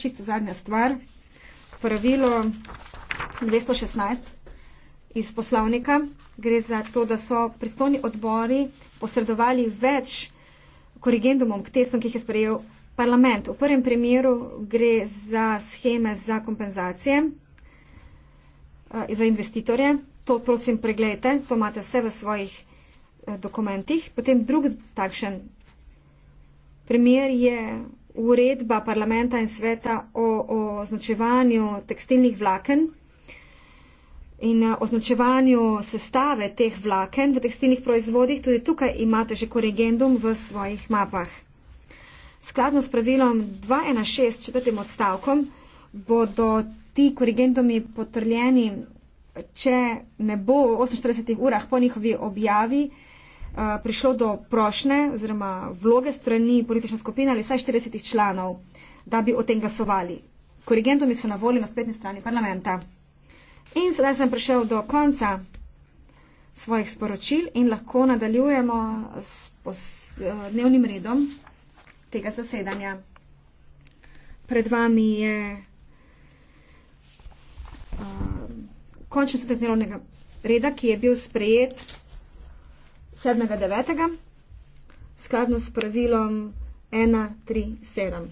čisto zadnja stvar, pravilo 216 iz poslovnika. Gre za to, da so pristojni odbori posredovali več korigendumom k testom, ki jih je sprejel parlament. V prvem primeru gre za scheme za kompenzacije eh, za investitorje. To prosim preglejte, to imate vse v svojih eh, dokumentih. Potem drug takšen primer je uredba parlamenta in sveta o označevanju tekstilnih vlaken in eh, označevanju sestave teh vlaken v tekstilnih proizvodih, tudi tukaj imate že korigendum v svojih mapah. Skladno s pravilom 2.1.6 četrtim odstavkom bodo ti korigendumi potrljeni, če ne bo v 48 urah po njihovi objavi, Eh, prišlo do prošnje oziroma vloge strani politične skupine ali vsaj 40 članov, da bi o tem glasovali. Korigendumi so na voljo na spletni strani parlamenta. In sedaj sem prišel do konca svojih sporočil in lahko nadaljujemo s eh, dnevnim redom tega zasedanja. Pred vami je uh, končni sodelovnega reda, ki je bil sprejet 7.9. skladno s pravilom 1.3.7.